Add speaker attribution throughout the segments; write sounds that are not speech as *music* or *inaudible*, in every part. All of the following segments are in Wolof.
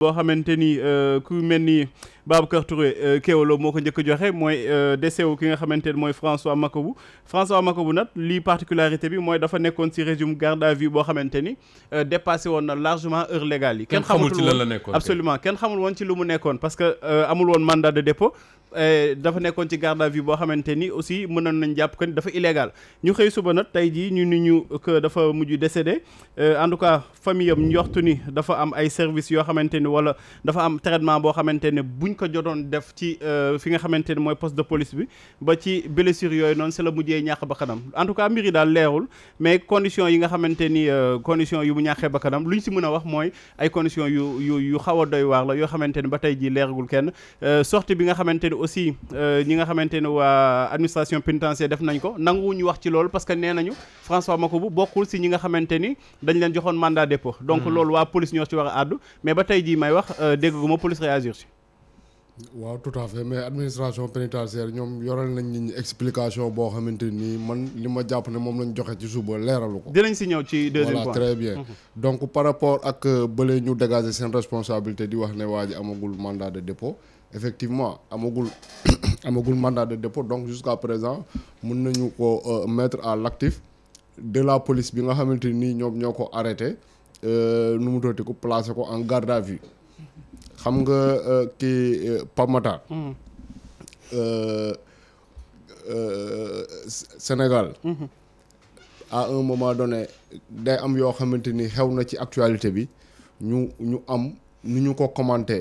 Speaker 1: boo xamante ni euh, ku mel ni Babacar Touré euh, Kewoulo moo ko njëkk joxe mooy euh, décès wu ki nga xamante ne mooy François Mancabou François Mancabou nag lii particularité bi mooy dafa nekkoon ci régime garde à vue boo xamante ni dépassé woon na largement heure légale yi. kenn xamul ci lan la nekkoon absolument kenn xamul woon ci lu mu nekkoon parce que amul woon mandat de dépôt. Eh, dafa nekkoon ci garde à vue boo xamante ni aussi na nañ jàpp que ni dafa illégal ñu xëy suba na tey jii ñu ni ñu dafa mujj décédé eh, en tout cas famille am njortu ni dafa am ay services yoo xamante ni wala dafa am traitement boo xamante ne buñ ko jotoon def ci eh, fi nga xamante ni mooy poste de police bi ba ci blessure yooyu noonu c'est la mujjee ñàkk ba kanam en tout cas mbir yi daal leerul mais condition yi nga xamante ni condition yu mu ñàkkee ba kanam luñ si mën a wax mooy ay condition yu yu yu xaw a doy waar yoo xamante ni ba tey jii leeragul kenn aussi euh, ñi nga xamante ne waa administration pénitentiaire def nañ ko nanguwuñu wax ci loolu parce que nee nañu François Makobu bokkul si ñi nga xamante ni dañ leen joxoon mandat dépôt donc hmm. loolu waa police ñoo ci war a àddu mais ba tey jii may wax euh, dégguma police réagir
Speaker 2: si waaw tout à fait mais administration pénitentiaire ñoom yoral nañ ni explication boo xamante nii man li ma jàpp ne moom lañ joxe ci suba leeralu ko. dinañ si ñëw ci deuxième point voilà hmm. euh, di wax effectivement amagul *clears throat* amagul mandat de dépôt donc jusqu'à présent mun nañu ko euh, mettre à l'actif de la police bi nga xamante ni ñoom ñoo ko arrêté euh, nu mu dooti ko placé ko en garde à vue xam nga euh, kii Pamata mm. Sénégal a mm-hmm. un moment donné day am yoo xamante ni xew na ci actualité bi ñu ñu am nu ñu ko commenté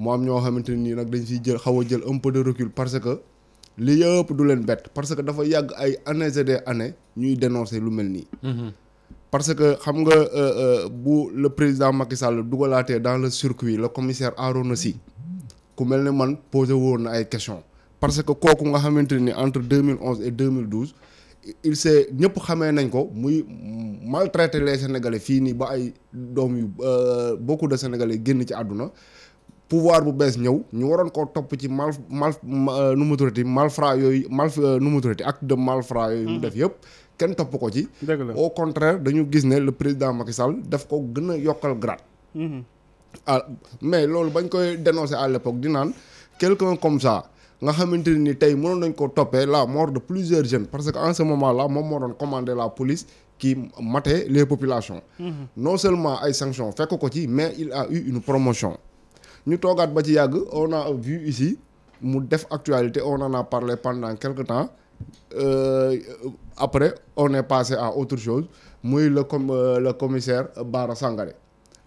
Speaker 2: mu am ñoo xamante ni nag dañu siy jël xaw a jël un peu de recul parce que li yëpp du leen bett parce que dafa yàgg ay années et des ñuy dénoncer lu mel nii. Mhm. parce que xam nga euh, euh, bu le président Macky Sall dugalaatee dans le circuit le commissaire Arona Sy ku mel ne man posé woon na ay questions parce que kooku nga xamante ni entre 2011 et 2012 il s'est ñëpp xamee nañ ko muy maltraiter les sénégalais fii nii ba ay doom yu euh, beaucoup de sénégalais génn ci àdduna pouvoir bu bees ñëw ñu waroon koo topp ci mal mal euh, nu mu tuddati yooyu mal euh, nu mu tuddati de malfrat yooyu mu mm-hmm. def yëpp kenn topp ko ci au contraire dañu gis ne le président Macky Sall daf ko gën a yokkal grade mm-hmm. ah mais loolu bañ koy dénoncer à l'époque di naan quelqu'un comme ça nga xamante ne ni tey mënoon nañ ko toppee la mort de plusieurs jeunes parce que en ce moment moom moo doon commander la police ki matait les populations mm-hmm. non seulement ay sanctions fekk ko ci mais il a eu ñu toogaat ba ci yàgg on a vu ici mu def actualité on en a parlé pendant quelque temps euh, après on est passé à autre chose muy le com euh, le commissaire Bara Sangaré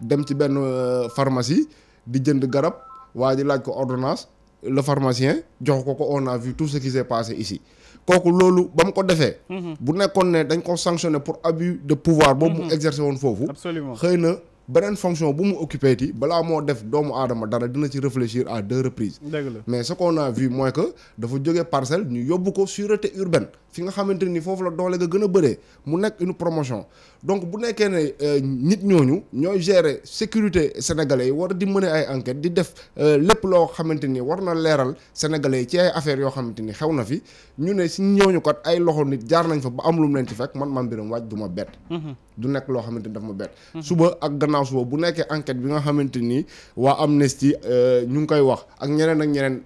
Speaker 2: dem ci benn euh, pharmacie di jënd garab waa ji laaj ko ordonnance le pharmacien jox ko ko on a vu tout ce qui s'est passé ici kooku loolu ba mu ko defee. Mhm. bu nekkoon ne dañ ko sanctionné pour abus de pouvoir. boobu mu mhm. exercer woon foofu. absolument xëy na. beneen fonction bu mu occupé ti balaa moo def doomu aadama dara dina ci réfléchir à deux reprises. dëgg la mais ce qu'on a mooy que dafa jóge parcelle ñu yóbbu ko sûreté urbaine. fi nga xamante ni foofu la doole nga gën a bëree mu nekk une promotion donc bu nekkee ne euh, nit ñooñu ñooy gere sécurité sénégalais yi war di mën ay enquête di def euh, lépp loo xamante ni war na leeral sénégalais yi ci ay affaires yoo xamante ni xew na fi ñu ne si ñooñu kat ay loxo nit jaar nañ fa ba am lu mu leen ci fekk man man mbiram waaj du ma bett. Mhm. du nekk loo xamante ni daf ma bett. Mhm. suba ak gannaaw suba bu nekkee enquête bi nga xamante ni waa amnesty euh, ñu ngi koy wax ak ñeneen ak ñeneen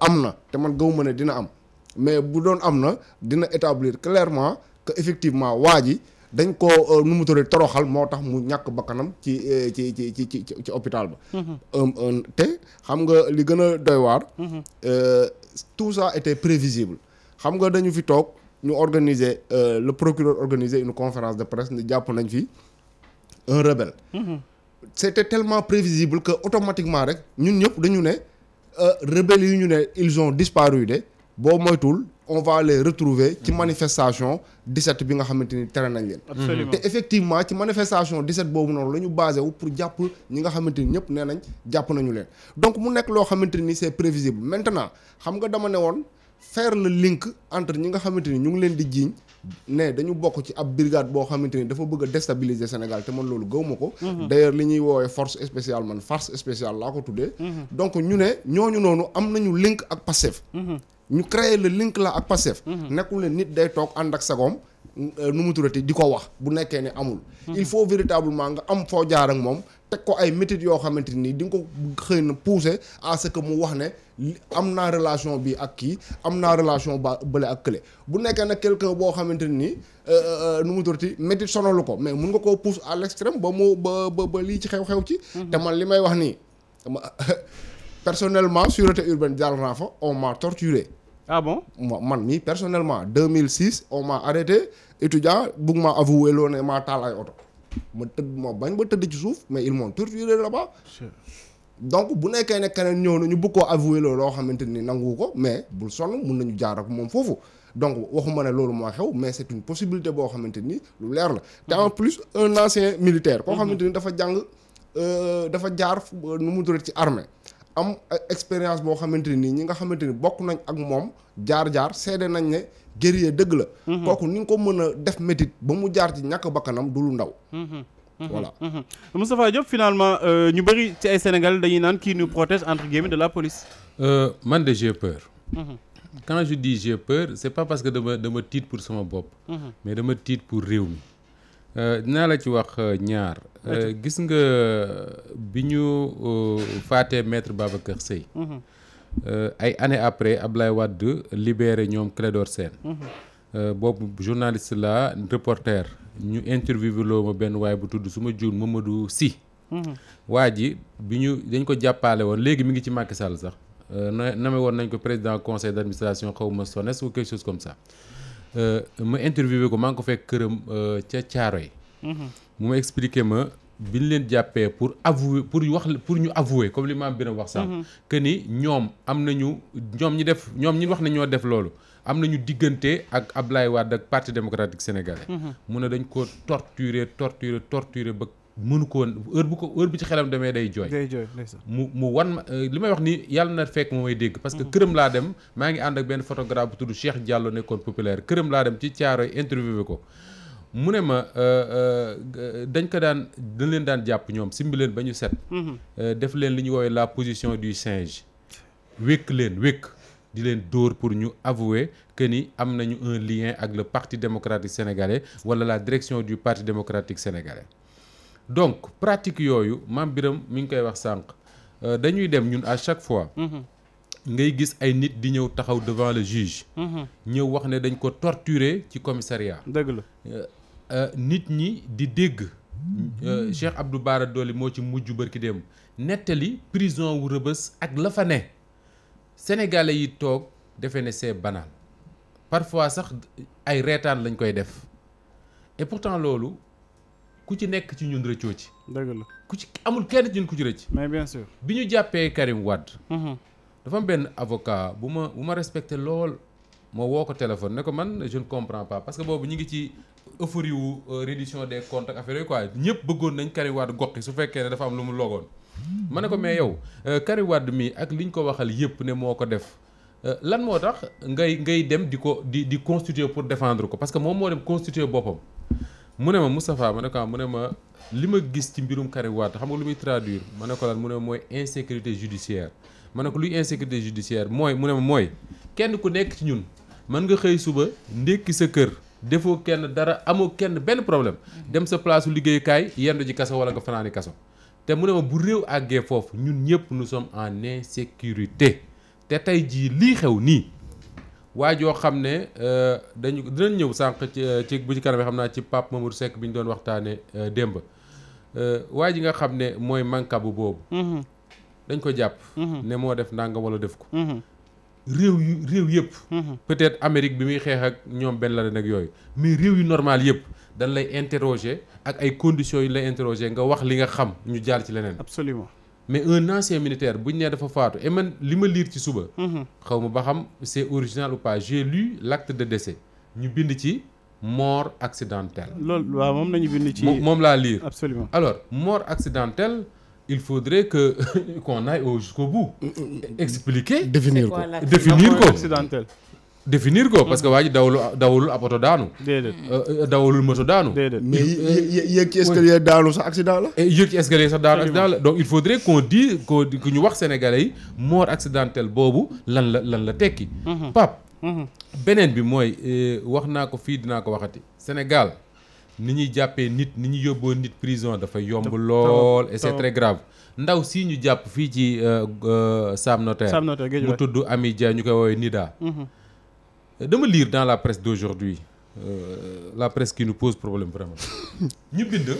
Speaker 2: am na te man gaw ma ne dina am. mais bu doon am na dina établir clairement que effectivement waa ji dañ ko euh, nu mu toroxal moo tax mu ñàkk bakkanam ci euh, ci ci ci ci ci hôpital ba. Mm-hmm. Euh, te xam nga li gën a doy waar. Mm-hmm. tout ça était prévisible xam nga dañu fi toog ñu organiser le procureur organiser une conférence de presse ni jàpp nañ fi un rebelle. Mm-hmm. c'était tellement prévisible que automatiquement rek ñun ñëpp dañu ne rebelles yi ñu ne ils disparu de. boo moytuwul on va les retrouver ci manifestation 17 bi nga xamante ni tere nañ leen te effectivement ci manifestation 17 boobu noonu la ñu basé wu pour jàpp ñi nga xamante ni ñëpp nee nañ jàpp nañu leen donc mu nekk loo xamante ni c'est prévisible maintenant xam nga dama ne woon faire le link entre ñi nga xamante ni ñu ngi leen di jiiñ ne dañu bokk ci ab brigade boo xamante ni dafa bëgg a déstabiliser Sénégal te man loolu gëwuma ko mhm. d'ailleurs li ñuy woowee force spéciale man farce spéciale laa ko tuddee mhm. donc ñu ne ñooñu noonu am nañu link ak Pastef mhm. ñu créer le link la ak Pastef mhm. nekkul ne nit day toog ànd ak sagoom euh, nu mu di ko wax bu nekkee ne amul mhm. il faut véritablement nga am foo jaar ak moom teg ko ay méthodes yoo xamante nii di nga ko xëy na pousser à que mu wax ne am naa relation bi ak kii am naa relation ba bële ak kële bu nekkee nag quelqu'un boo xamante nii euh, euh, nu mu turati métit sonalu ko mais mun nga koo pousser à l'extrême ba mu ba ba ba lii ci xew-xew ci mhm. te man li may wax nii *laughs* personnellement sûreté urbaine jaar naa fa on m'a torturé. ah bon man mii personnellement 2006 on m'a arrêté étudiant bugg maa avoué loo ne maa taal ay oto ma tëdd ma bañ ba tëdd ci suuf mais ils m'ont torturé là-bas. donc bu nekkee ne keneen ñëw na ñu bëgg koo loolu loo xamante nii nangu ko mais bul sonn mun nañu jaar ak moom foofu donc waxuma ne loolu moo xew mais c'est une possibilité boo xamante ni lu leer la. te en plus un ancien militaire. koo xamante ni dafa jàng euh, dafa jaar euh, nu mu turee ci armée. am expérience boo xamante ni ñi nga xamante ni bokk nañ ak moom jaar-jaar seede nañ ne guerrier dëgg la mhm. kooku ni nga ko mën def métit ba mu jaar ci ñàkk bakkanam du lu ndaw
Speaker 1: mhm. Mhm. voilà Moustapha Diop finalement euh, ñu bari ci ay Sénégal dañuy naan kii nous protège entre guillemets de la police
Speaker 3: euh, man de j'ai peur quand je dis j'ai peur c'est pas parce que dama dama tiit pour sama bopp mais dama tiit pour réew mi Euh, dinaa la ci wax euh, ñaar. Euh, gis nga bi ñu faatee maître Babacar Seye. Mhm. ay années après Ablaye Wade libéré ñoom Clédor Sène. Mhm. boobu journaliste la reporter ñu interviewé loo ma benn waay bu tudd su ma juun Mamadou si mhm. waa ji bi ñu dañ ko jàppale woon léegi mu ngi ci Macky Sall sax na name woon nañ ko président conseil d' administration xaw ma SONES ou quelque chose comme ça. Euh, ma interviewé ko maa ngi ko fekk këram euh, ca Thiaroye mhm. mu ma expliqué ma bi ñu leen jàppee pour avouer pour wax pour ñu avouer comme li bi Birame wax sànq mhm. que ni ñoom am na ñu ñoom ñi def ñoom ñi wax ne ñoo def loolu am nañu diggante ak Ablaye Wade ak Parti démocratique sénégalais. Mhm. mu ne dañ ko torturer torturer torturer ba mënu ko woon heure bu ko heure bu ci xelam demee day jooy day mu mu wan ma euh, li may wax ni yàlla na fekk ma may dégg parce que mhm. këram laa dem maa ngi ànd ak benn photographe bu tudd Cheikh Diallo nekkoon populaire këram laa dem ci Thiaroye interviewé ko mu ne ma euh, euh, dañ ko daan dañ leen daan jàpp ñoom simbi leen ba ñu set mhm. def leen li ñu woowee la position du singe wékk leen wékk di leen dóor pour ñu avouer que ni am nañu un lien ak le parti démocratique sénégalais wala la direction du parti démocratique sénégalais donc pratique yooyu maam Biram mi ngi koy wax sànq euh, dañuy dem ñun à chaque fois. Mm-hmm. ngay gis ay nit di ñëw taxaw devant le juge. Mm-hmm. ñëw wax ne dañ ko torturer ci commissariat. dëgg la euh, euh, nit ñi di dégg. Cheikh Abdou Bara Dolly moo ci mujj bërki dem nettali prison wu rëbës ak la fa ne sénégalais yi toog defe ne c'est banal parfois sax ay reetaan lañ koy def et loolu ku ci nekk ci ñun rëccoo ci. dëgg la ku ci amul kenn ci ñun ku ci rëcc. mais bien sûr bi ñu jàppee Karim Wade. Mm-hmm. dafa am benn avocat bu ma bu ma respecté lool. moo woo ko téléphone ne ko man jeune ne comprends parce que boobu ñu ngi ci euphorie wu euh, reddition des comptes ak affaire yooyu quoi ñëpp bëggoon nañ Karim Wade goqi su fekkee ne dafa am lu mu logoon. ma ne ko mais yow euh, Karim wadd mi ak li ñu ko waxal yëpp ne moo ko def euh, lan moo tax ngay ngay dem di ko di di constituer pour défendre ko parce que moom moo dem constituer boppam. mu ne ma Moustapha ma ne ko ah, mu ne ma li ma gis ci mbirum Karim Wade xam nga lu muy traduir ma ne ko lan mu ne ma mooy insécurité judiciaire ma ne ko luy insécurité judiciaire mooy mu ne ma mooy kenn ku nekk ci ñun mën nga xëy suba ndekki sa kër defoo kenn dara amoo kenn benn problème dem sa place liggéeyukaay yendu ji kaso wala nga fanaani kaso te mu ne ma bu réew àggee foofu ñun ñëpp nu sommes en insécurité te tey jii lii xew nii waa joo xam ne euh, dañu dinañ ñëw sànq ci ci bu ci kanamee xam naa ci Pape Mamour Seck bi ñu doon waxtaanee euh, démb euh, waa ji nga xam ne mooy mankabu boobu. Mm-hmm. dañ ko jàpp. Mm-hmm. ne moo def nangam wala def ko. Mm-hmm. réew yu réew yëpp. peut-être Amérique bi muy xeex ak ñoom benn la nag yooyu mais réew yu normal yëpp dañ lay interroger ak ay conditions yu lay interroger nga wax li nga xam ñu jaar ci leneen. absolument. mais un ancien militaire bu ñu nee dafa faatu et man li ma liir ci suba. Mhm. xaw ma ba xam c'est original ou pas j'ai lu l'acte de décès ñu bind ci mort accidentelle. loolu waaw moom ñu bind ci. moom laa liir. absolument alors moor accidentelle. il faudrait que *laughs* qu'on aille jusqu'au bout. Mm, mm, mm. expliquer définir ko définir ko définir ko parce que waa ji dawul dawul ab oto daanu. déedéet euh, dawalul moto daanu. déedéet mais
Speaker 2: yéeg ci escalier daanu sax accident la.
Speaker 3: yéeg ci escalier sax daanu accident donc il faudrait qu'on dise qu'on ñu wax sénégalais yi mort accidentel boobu lan la lan la tekki. Mhm. Pape. Mhm. beneen bi mooy euh, wax naa ko fii dinaa ko waxati senegal ni ñuy jàppee nit ni ñu yóbboo nit prison dafa yomb lool et ndaw sii ñu jàpp fii ci euh, Sam Notaire. Sam Notaire mu tudd Ami Dia ñu koy woowee Nida. Mhm. dama lire dans la presse d'aujourd'hui euh, la presse qui nous pose problème vraiment *laughs* ñu bind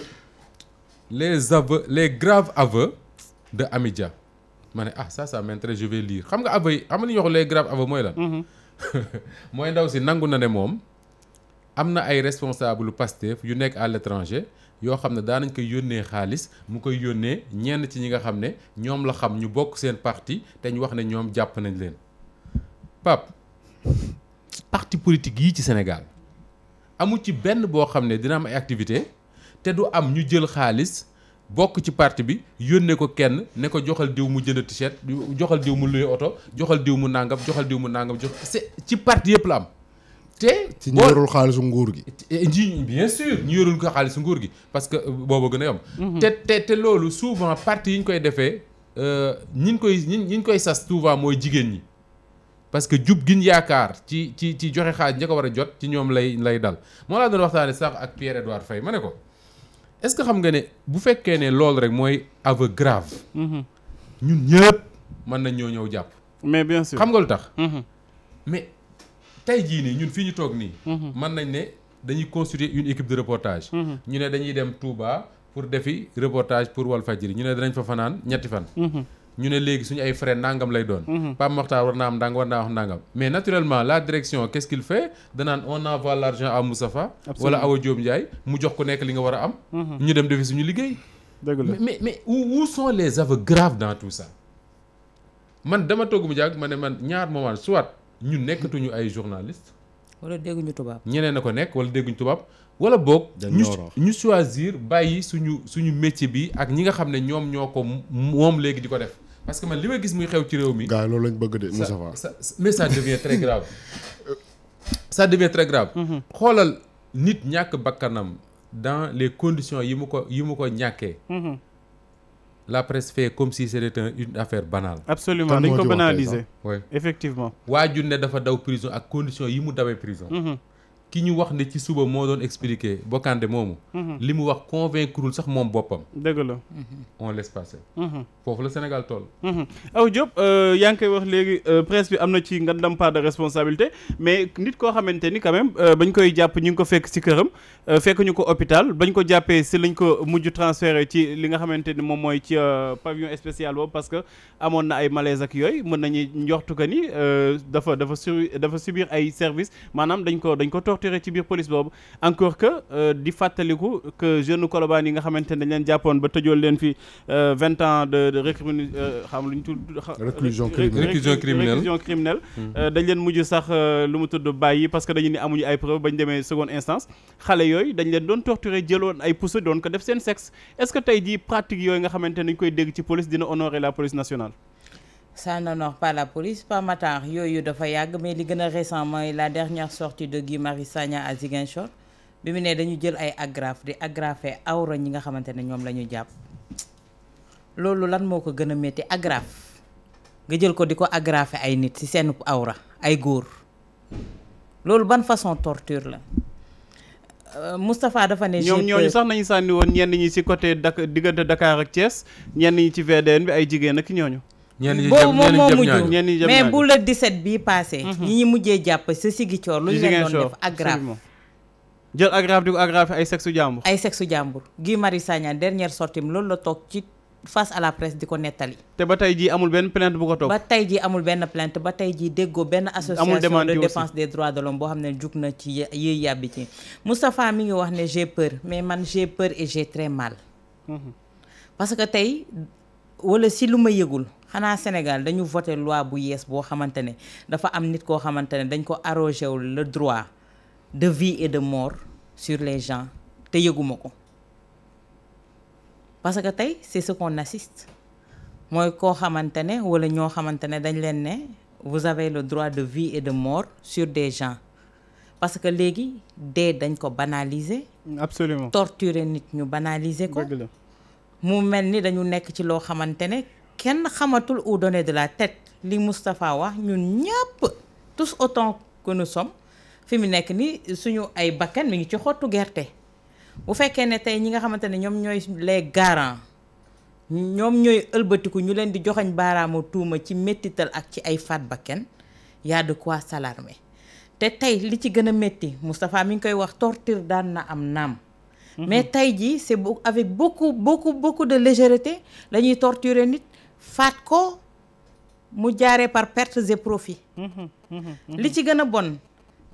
Speaker 3: les aveux les graves aveux de Amidia ma ne ah ça ça m'intéresse je vais lire xam nga aveux yi am na ñu wax les graves aveux mooy la mhm. *laughs* mooy ndaw si nangu na ne moom am na ay responsable Pastef yu nekk à l'étranger yoo xam ne daanañ koy yónnee xaalis mu koy yónnee ñenn ci ñi nga xam ne ñoom la xam ñu bokk seen parti te ñu wax ne ñoom jàpp nañ leen Pape parti politique yii ci Sénégal amul ci benn boo xam ne dina am ay activité te du am ñu jël xaalis bokk ci parti bi yónnee ko kenn ne ko joxal diw mu jënd t-shirt joxal diw mu luye oto joxal diw mu nàngam joxal diw mu nangam jox ci parti yëpp la am. te ci ñu yorul
Speaker 2: xaalisu nguur gi.
Speaker 3: ji bien sûr ñu yorul ko xaalisu nguur gi parce que booba gën a yomb. Mhm. te te te loolu souvent parti yi ñu koy defee euh, ñi ñu koy ñi ñu koy sas souvent mooy jigéen ñi. parce que jub gin yaakaar ci ci ci joxe xaaj ña ko war a jot ci ñoom lay lay dal moo laa doon waxtaane sax ak Pierre Edouard Faye ma ne ko est-ce que xam nga ne bu fekkee ne loolu rek mooy aveu grave mhm. ñun ñëpp mën nañ ñoo ñëw jàpp mais bien sûr xam nga lu tax mhm. mais tey jii nii ñun fii ñu toog nii mhm. mën nañ ne dañuy constituer une équipe de reportage ñu ne dañuy dem Touba pour defi reportage pour Walfadjri ñu ne danañ fa fanaan ñetti fan ñu ne léegi suñu ay frais nangam lay doon. Mhm. Pape Mokhtar war naa am ndàngam war naa wax ndàngam. mais naturellement la direction qu'est-ce qu'il fait danaan on envoie l'argent à Moustapha. wala Awa Diop Ndiaye mu jox ko nekk li nga war a am. Mhm. ñu dem defi suñu liggéey. mais mais où sont les aveux graves dans tout ça. man dama togg mu jàgg ma ne man ñaar moment soit ñu nekkatuñu ay journalistes.
Speaker 4: wala dégguñu tubaab.
Speaker 3: ñeneen a ko nekk wala dégguñu tubaab wala boog. ñu ñu choisir bàyyi suñu suñu métier bi ak ñi nga xam ne ñoom ñoo ko moom léegi di ko def parce que man li ma gis muy xew ci réew mi. gars loolu lañ bëgg de Moussa mais ça devient très grave sa *laughs* devient très grave. Mm-hmm. xoolal nit ñàkk bakkanam dans les conditions yi mu ko yi mu ko ñàkkee. Mm-hmm. la presse fait comme si c'était un une affaire banale. absolument dañ ko banaliser. oui effectivement. ne dafa daw prison ak condition yi mu dawee prison. Mhm. ki ñu wax ne ci suba moo doon expliqué Bokande moomu. Mhm. li mu wax convaincrul sax moom boppam. dëgg la. on laisse passer. Mhm. foofu la Sénégal toll.
Speaker 1: Mhm. aw Diop euh, yaa ngi koy wax léegi euh, presse bi am na ci nga dem part de responsabilité mais nit koo xamante ni quand même euh, bañ koy jàpp ñu ngi ko fekk si këram fekk ñu ko hôpital bañ ko jàppee si lañ ko mujj transféré ci li nga xamante ni moom mooy ci pavillon spécial boobu parce que amoon na ay malaise ak yooyu mën nañu njoxtu que ni dafa torturé ci biir police boobu encore que euh, di fàttaliku que jeune Colobane yi nga xamante ne dañ leen jàppoon ba tëjool leen fi euh, vingt ans de de récrimine euh, xam lu ñu tudd. réclusion criminelle réclusion criminelle. Mm. dañ leen mujj sax lu mu tudd bàyyi parce que dañu ni amuñu ay preuve bañ demee seconde instance xale yooyu dañ leen doon torturé jëloon ay pousse doon ko def seen sexe est-ce que tey jii pratique yooyu nga xamante ne koy dégg ci police dina honorer la police nationale.
Speaker 4: ça n'honore pas la police pas Matar yooyu dafa yàgg mais li gën a récent mooy la dernière sortie de Guy Marius Sagna à Ziguinchor bi mu ne dañu jël ay agrafe di agrafe awra ñi nga xamante ne ñoom la ñu jàpp loolu lan moo ko gën a metti agrafe nga jël ko di ko agrafe ay nit ci seen awra ay góor loolu ban façon torture la euh, Moustapha dafa ne. ñoom ñooñu
Speaker 1: sax nañu sànni woon ñenn ñi ci côté Dak diggante Dakar ak Thiès ñenn ñi ci VDN bi ay jigéen ak ñooñu. ñenn ñi jëm ñenn ñi jëm mais bu
Speaker 4: la 17 bii passé. Mhm. ñi ñi mujjee jàpp
Speaker 1: sa Sigicoor. lu ñu leen doon def aggrave. jël aggrave di ko aggrave ay sexu jàmbur. gi
Speaker 4: sexu jàmbur Guy Marius Sagna dernière loolu la toog ci face à la presse di ko nettali. te
Speaker 1: ba tey jii amul benn plainte bu ko toog. ba
Speaker 4: tey jii amul benn plainte ba tey ji déggoo benn. association de défense des droits de l'homme boo xam ne jug na ci yiy yàbbi ci. Moustapha mi ngi wax ne j'ai mais man j'ai peur et j'ai très mal. Mhm. parce que tey wala si lu ma yëgul. xanaa Sénégal dañu voté loi bu yees boo xamante ne dafa am nit koo xamante ne dañ ko arrogé wul le droit de vie et de mort sur les gens te yëguma ko parce que tey c'est ce qu'on assiste mooy koo xamante ne wala ñoo xamante ne dañ leen ne vous avez le droit de vie et de mort sur des gens parce que léegi dee dañ ko banaliser absolument torturer nit ñu banaliser ko mu mel ni dañu nekk ci loo xamante ne kenn xamatul au donné de la tête li Moustapha wax ñun ñëpp tous autant que nous sommes fi mu nekk ni suñu ay bakkan mi ngi ci xottu gerte bu fekkee ne tey ñi nga xamante ne ñoom ñooy lee garants ñoom ñooy ëlbatiku ñu leen di joxañ baaraamu tuuma ci méttital ak ci ay faat bakken y a de quoi s'alarmer te tey li ci gën a métti Moustapha mi ngi koy wax torture daan na am naam mhm. mais tey ji c'est avec beaucoup beaucoup beaucoup de légèreté lañuy ñuy nit faat ko mu jaaree par pertes et profits
Speaker 5: mhm, mhm, mhm. li ci
Speaker 4: gën a bon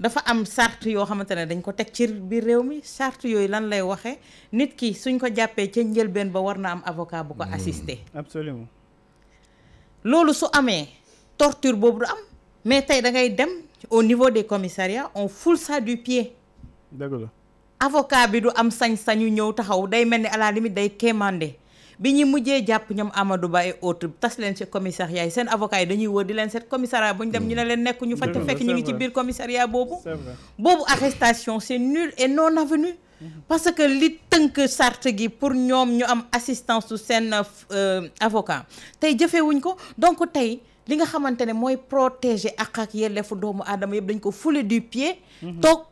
Speaker 4: dafa am sart yoo xamante ne dañ ko teg ci biir réew mi sart yooyu lan lay waxee nit ki suñ ko jàppee ca njëlbeen ba war na am avocat bu ko assister absolument loolu su amee torture boobu du am mais tey da ngay dem au niveau des commissariats on foule sa du pied dëgg la avocat bi du am sañ-sañu ñëw taxaw day mel ni à la day kémandé bi ñu mujjee jàpp ñoom Amadou Ba et autres tas leen ci commissariat yi seen avocat yi dañuy wër di leen seet commissariat bu ñu dem ñu ne leen nekk ñu fa te fekk ñu ngi ci biir commissariat boobu boobu arrestation c'est nul et non avenu parce que li tënk charte gi pour ñoom ñu am assistance su seen euh, avocat tey jëfewuñ ko donc tey li nga xamante ne mooy protéger ak ak yelleefu doomu aadama yëpp dañ ko foulé du pied mhm. toog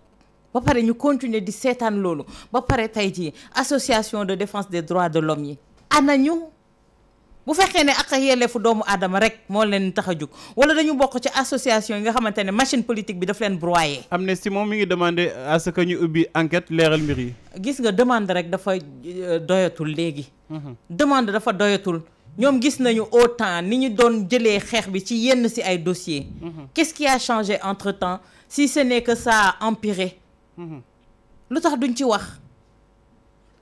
Speaker 4: ba pare ñu continuer di seetaan loolu ba pare tey jii association de défense des droits de yi anañu bu fekkee ne ak fu doomu aadama rek moo leen tax a jug wala dañu bokk ci association yi nga xamante ne machine politique bi daf leen broyé.
Speaker 1: Amnesty moom mi ngi demandé à ce ñu ubbi enquête leeral mbir yi.
Speaker 4: gis nga demande rek dafa euh, doyatul léegi. Mhm. demande dafa doyatul. ñoom gis nañu autant ni ñu doon jëlee xeex bi ci yenn ci ay dossiers. Mhm. qu'est-ce qui a entre-temps si ce n'est que ça a empiré. Mhm. lu tax duñ ci wax.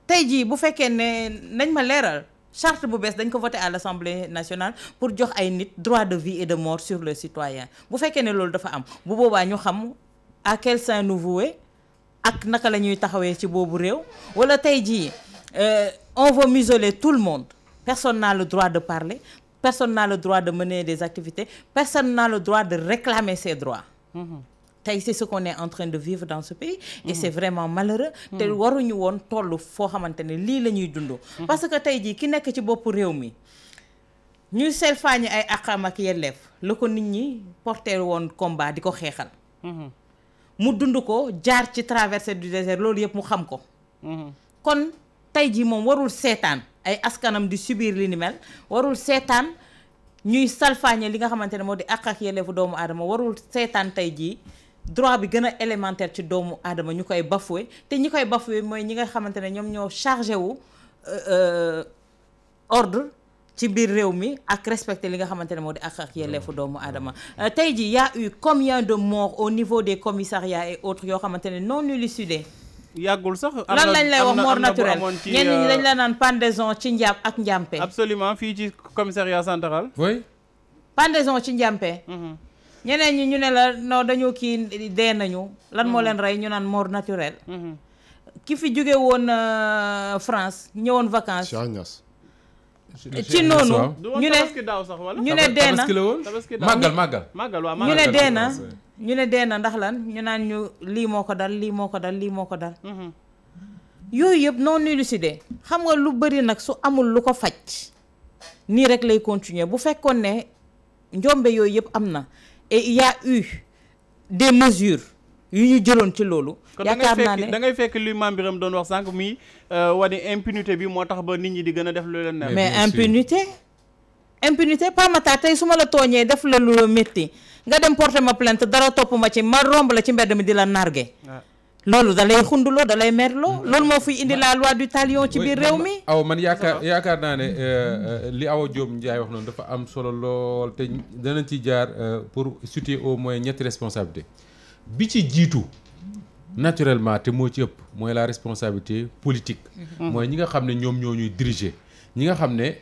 Speaker 4: tey jii bu fekkee ne nañ ma leeral charte bu bees dañ ko voté à l'Assemblée nationale pour jox ay nit droit de vie et de mort sur le citoyen bu fekkee ne loolu dafa am bu boobaa ñu xam à quel saint nous ak naka la ñuy taxawee ci boobu réew wala tey jii euh, on veut museler tout le monde personne n'a le droit de parler personne n'a le droit de mener des activités personne naa le droit de réclamer ses droits. Mmh. tey c'est en train de vivre dans ce pays et mm-hmm. vraiment malheureux te mm-hmm. waruñu woon tollu foo xamante ne lii lañuy ñuy dund mm-hmm. parce que tey jii ki nekk ci boppu réew mi ñuy selfaañi ay aqam ak yelleef la ko nit ñi porter woon combat di ko xeexal mu dund ko jaar ci traversée du désert loolu yëpp mu xam ko kon tey jii moom warul seetaan ay askanam di subir li ni mel warul seetaan ñuy salfaañe li nga xamante ne moo di àq ak yelleefu doomu aadama warul seetaan tey jii droit bi gën a élémentaire ci doomu aadama ñu koy bafoué te ñi koy bafoué mooy ñi nga xamante ne ñoom ñoo chargé wu euh, euh, ordre ci biir réew mi ak respecter li nga xamante ne moo di ak ak yelleefu doomu adama euh, tey ji y a eu combien de morts au niveau des commissaria et autres yoo xamante ne non élucidés yàggul sax lan lañ lay wax mort naturel ñenn ñi dañ
Speaker 1: la naan pendaison ci njaam ak njàmpe absolument fii ci commissariat central oui
Speaker 4: pendaison ci njàmpe ñeneen ñi ñu ne la non dañoo kii dee nañu. lan moo mm-hmm. leen rey ñu naan mort naturelle. Mm-hmm. ki fi jóge woon euh, France ñëwoon vacances.
Speaker 2: ci noonu.
Speaker 4: ñu ne
Speaker 1: ñu ne dee na màggal màggal. màggal waaw ñu ne dee na
Speaker 4: ñu ne dee na ndax lan ñu naan ñu lii moo ko dal lii moo ko dal lii moo ko dal. Mm-hmm. yooyu yëpp non élucidé xam nga lu bëri nag su amul lu ko faj. nii rek lay continuer bu fekkoon ne njombe yooyu yëpp am na. et il y a yu ñu jëloon ci loolu. yaakaar naa ne da
Speaker 1: ngay fekk luy Mame Birame doon wax sànq muy euh, wane impunité bi moo tax ba nit ñi di gën a def lu leen neex. mais impunité.
Speaker 4: impunité Pape Makhtar tey su ma la tooñee def la lu la métti nga dem porter ma plainte dara topp ma ci ma romb la ci mbedd mi di la nargué. Ah. loolu da lay xunduloo da lay merloo loolu moo fiy indi la loi du talion ci biir réew mi
Speaker 3: aw man yaakaar yaakaar naa ne euh, euh, li Awa Diop Ndiaye wax noonu dafa am solo lool te danañ ci jaar euh, pour situer au moins ñetti responsabilité bi ci jiitu naturellement te moo ci ëpp mooy la responsabilité politique mm-hmm. mooy ñi nga xam ne ñoom ñoo ñuy diriger ñi nga xam ne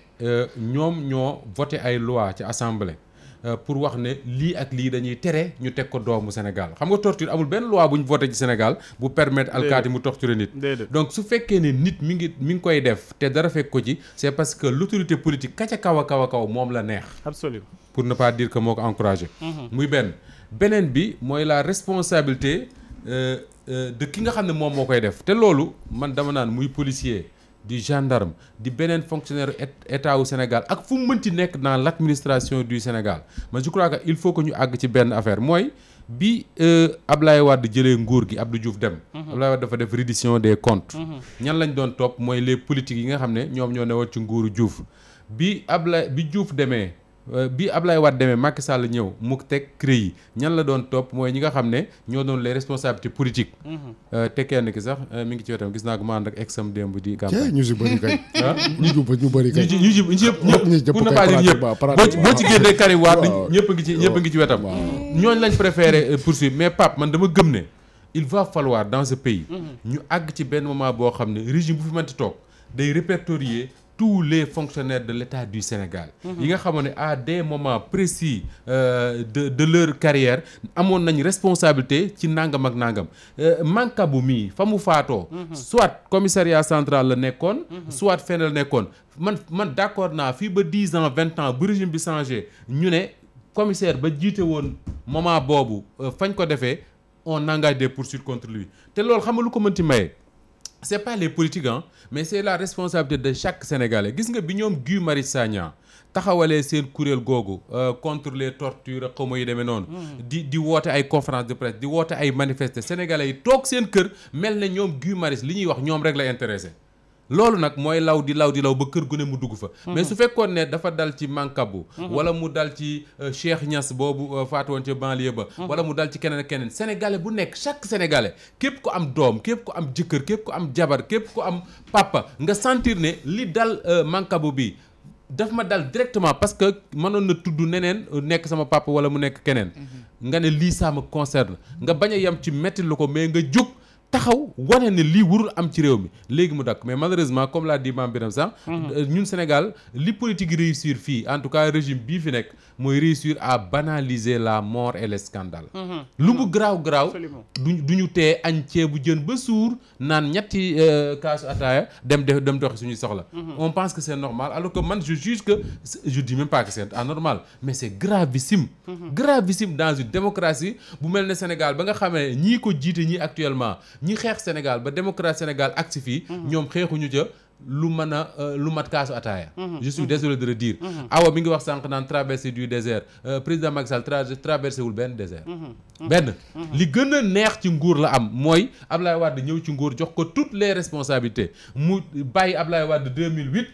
Speaker 3: ñoom ñoo voté ay loi ci assemblée Euh, pour wax ne lii ak lii dañuy tere ñu teg ko doomu Sénégal xam nga torture amul benn loi bu ñu voté ci Sénégal bu permettre alkaati mu torturer nit donc su fekkee ne nit mi ngi mi ngi koy def te dara fekk ko ci c'est parce que l'autorité politique kaca kaw a kaw a kaw moom la neex absolument pour ne pas dire que moo ko encouragé mhm. muy benn beneen bi mooy la responsabilité euh, euh, de ki nga xam ne moom moo koy def te loolu man dama naan muy policier du gendarme di beneen fonctionnaire état wu Sénégal ak fu mu mënti nekk dans l' administration du Sénégal man je crois que il faut que ñu àgg ci benn affaire mooy bi euh, Ablaye Wade jëlee nguur gi Abdou Diouf dem. Mhm. Ablaye Wade dafa def reddition des comptes. Mhm. ñan lañ doon topp mooy les politiques yi nga xam ne ñoom ñoo ne newoon ci nguuru Diouf bi Ablaye bi Diouf demee. Euh, bi Ablaye Wade demee Macky Sall ñëw mu teg CREI yi ñan la doon topp mooy ñi nga xam ne ñoo doon les responsabilités politiques. Mhm. Euh, te kenn ki sax euh, mi ngi ci wetam gis naa ko ma ànd ak exam démb
Speaker 2: di. campagne ñu si bëri kay. boo ci génnee Karim Wade ñëpp a ngi ci a
Speaker 3: ngi ci wetam. ñooñ lañ préféré poursuivre mais Pape man dama gëm ne il va falloir dans ce pays. Mhm. ñu àgg ci benn moment boo xam ne régime bu fi mënti toog day répertorier. tous les fonctionnaires de l'État du Sénégal mhm. yi nga xamoon ne à des moments précis euh, de de leur carrière amoon nañu responsabilité ci nangam ak nangam euh, Mancabou mii fa mu faatoo mhm. soit commissariat central la nekkoon mhm. soit feneen la nekkoon man man d'accord naa fii ba dix ans vingt ans bu régime bi changé ñu ne commissaire ba jiite woon moment boobu euh, fañ ko defee on engage des poursuites contre lui te loolu xam nga lu ko mënti ci maye c'est pas les politiques hein mais c'est la responsabilité de chaque sénégalais gis nga bi ñoom Guy Marius Sagna taxawalee seen kuréel googu euh, contre les tortures xaw ma yu demee noonu. Hmm. di di woote ay conférence de presse di woote ay manifester sénégalais yi toog seen kër mel na ñoom Guy Marius li ñuy wax ñoom rek la intéressé. loolu nag mooy law di law di law ba kër gu ne mu dugg fa mhm. mais su fekkoon nee dafa dal ci Mankabu mhm. wala mu dal ci euh, Cheikh Niass boobu euh, faatu woon ca ba mhm. wala mu dal ci keneen ak keneen sénégalais bu nekk chaque sénégalais képp ku am doom képp ku am jëkkër képp ku am jabar képp ku am papa nga sentir ne li dal euh, Mankabu bi daf ma dal directement parce que mënoon na tudd neneen nekk sama papa wala mu nekk keneen nga ne lii ça me concerne nga bañ a yem ci metti ko mais nga jóg taxaw wane ne lii warul am ci réew mi léegi mu dakk mais malheureusement comme l'a dit Mame Birame sax mhm. euh, ñun Sénégal li politique réussir fii en tout cas régime bii fi nekk mooy réussir à banaliser la mort et les scandales mhm. lu mu garaaw garaaw duñ du ñu tee añ ceebu jën ba suur naan ñetti euh, kaasu ataaya dem def dem doxi suñuy soxla mhm. on pense que c'est normal alors que man je juge que je dis même pas que c'est anormal mais c'est gravissime gravissime dans une démocratie bu mel ne ba nga xamee ñii ko jiite ñii ñi xeex Sénégal ba démocrate Sénégal ak si fii mhm. ñoom xeexuñu ca lu mën a euh, lu mat kaasu ataaya mhm. je suis désolé de le dire mhm. awa mi ngi wax sànq naan traversée du désert euh, président Macky Sall traversé wul benn désert benn li gën a neex ci nguur la am mooy Ablaye Wade ñëw ci nguur jox ko toutes les responsabilités mu bàyyi Ablaye Wade 2008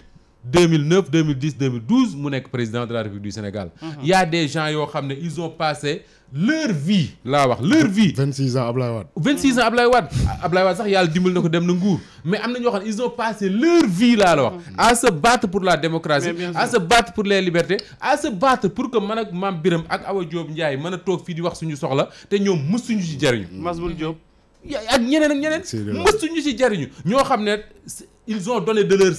Speaker 3: mu nekk président de la République du Sénégal. il mhm. y a yoo xam ne ils ont passé leur vie. laa wax leur vie. 26 ans Ablaye Wade. 26 ans Ablaye Wade Ablaye Wade sax yàlla dimbali na ko dem na nguur mais am na ñoo xam ne ils ont passé leur vie laa la wax. Mhm. à se battre pour la démocratie. à se battre pour les libertés. à se battre pour que man ak maam Biram ak Awa Diop Ndiaye mën a toog fii di wax suñu soxla te ñoom mësuñu ci jariñu. Masbul Diop. ak ñeneen ak
Speaker 5: ñeneen.
Speaker 3: ñoo xam ne. ils ont donné de leur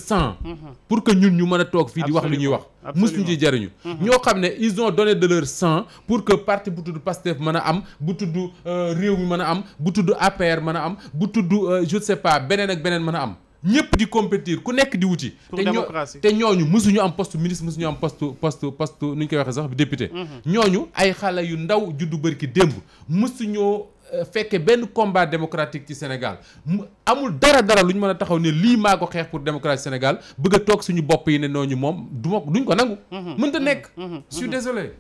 Speaker 3: mhm. pour que ñun ñu mën a toog fii di wax li ñuy wax. musuñ ci jariñu mhm. ñoo xam ne ils ont donné de leur pour que parti bu tudd PASTEF mën a am bu tudd euh, réew mi mën a am bu tudd APR mën a am bu tudd euh, je ne sais pas beneen ak beneen mën a am. ñëpp di compétir ku nekk di wuti. te ñoo te ñooñu mësuñu am poste ministre mësuñu am poste poste poste nu ñu koy waxee sax député. Mhm. ñooñu ay xale yu ndaw juddu bërki démb mësuñoo. fekke benn combat démocratique ci Sénégal mu amul dara dara lu ñu mën a taxaw ne lii maa ko xeex pour démocratie Sénégal bëgg a toog suñu bopp yi ne nooñu moom du ma duñ ko nangu. Mhm. mënta mhm. nekk.
Speaker 1: Mhm. je désolé.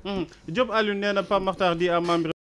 Speaker 1: Diop Alioune nee na di am membre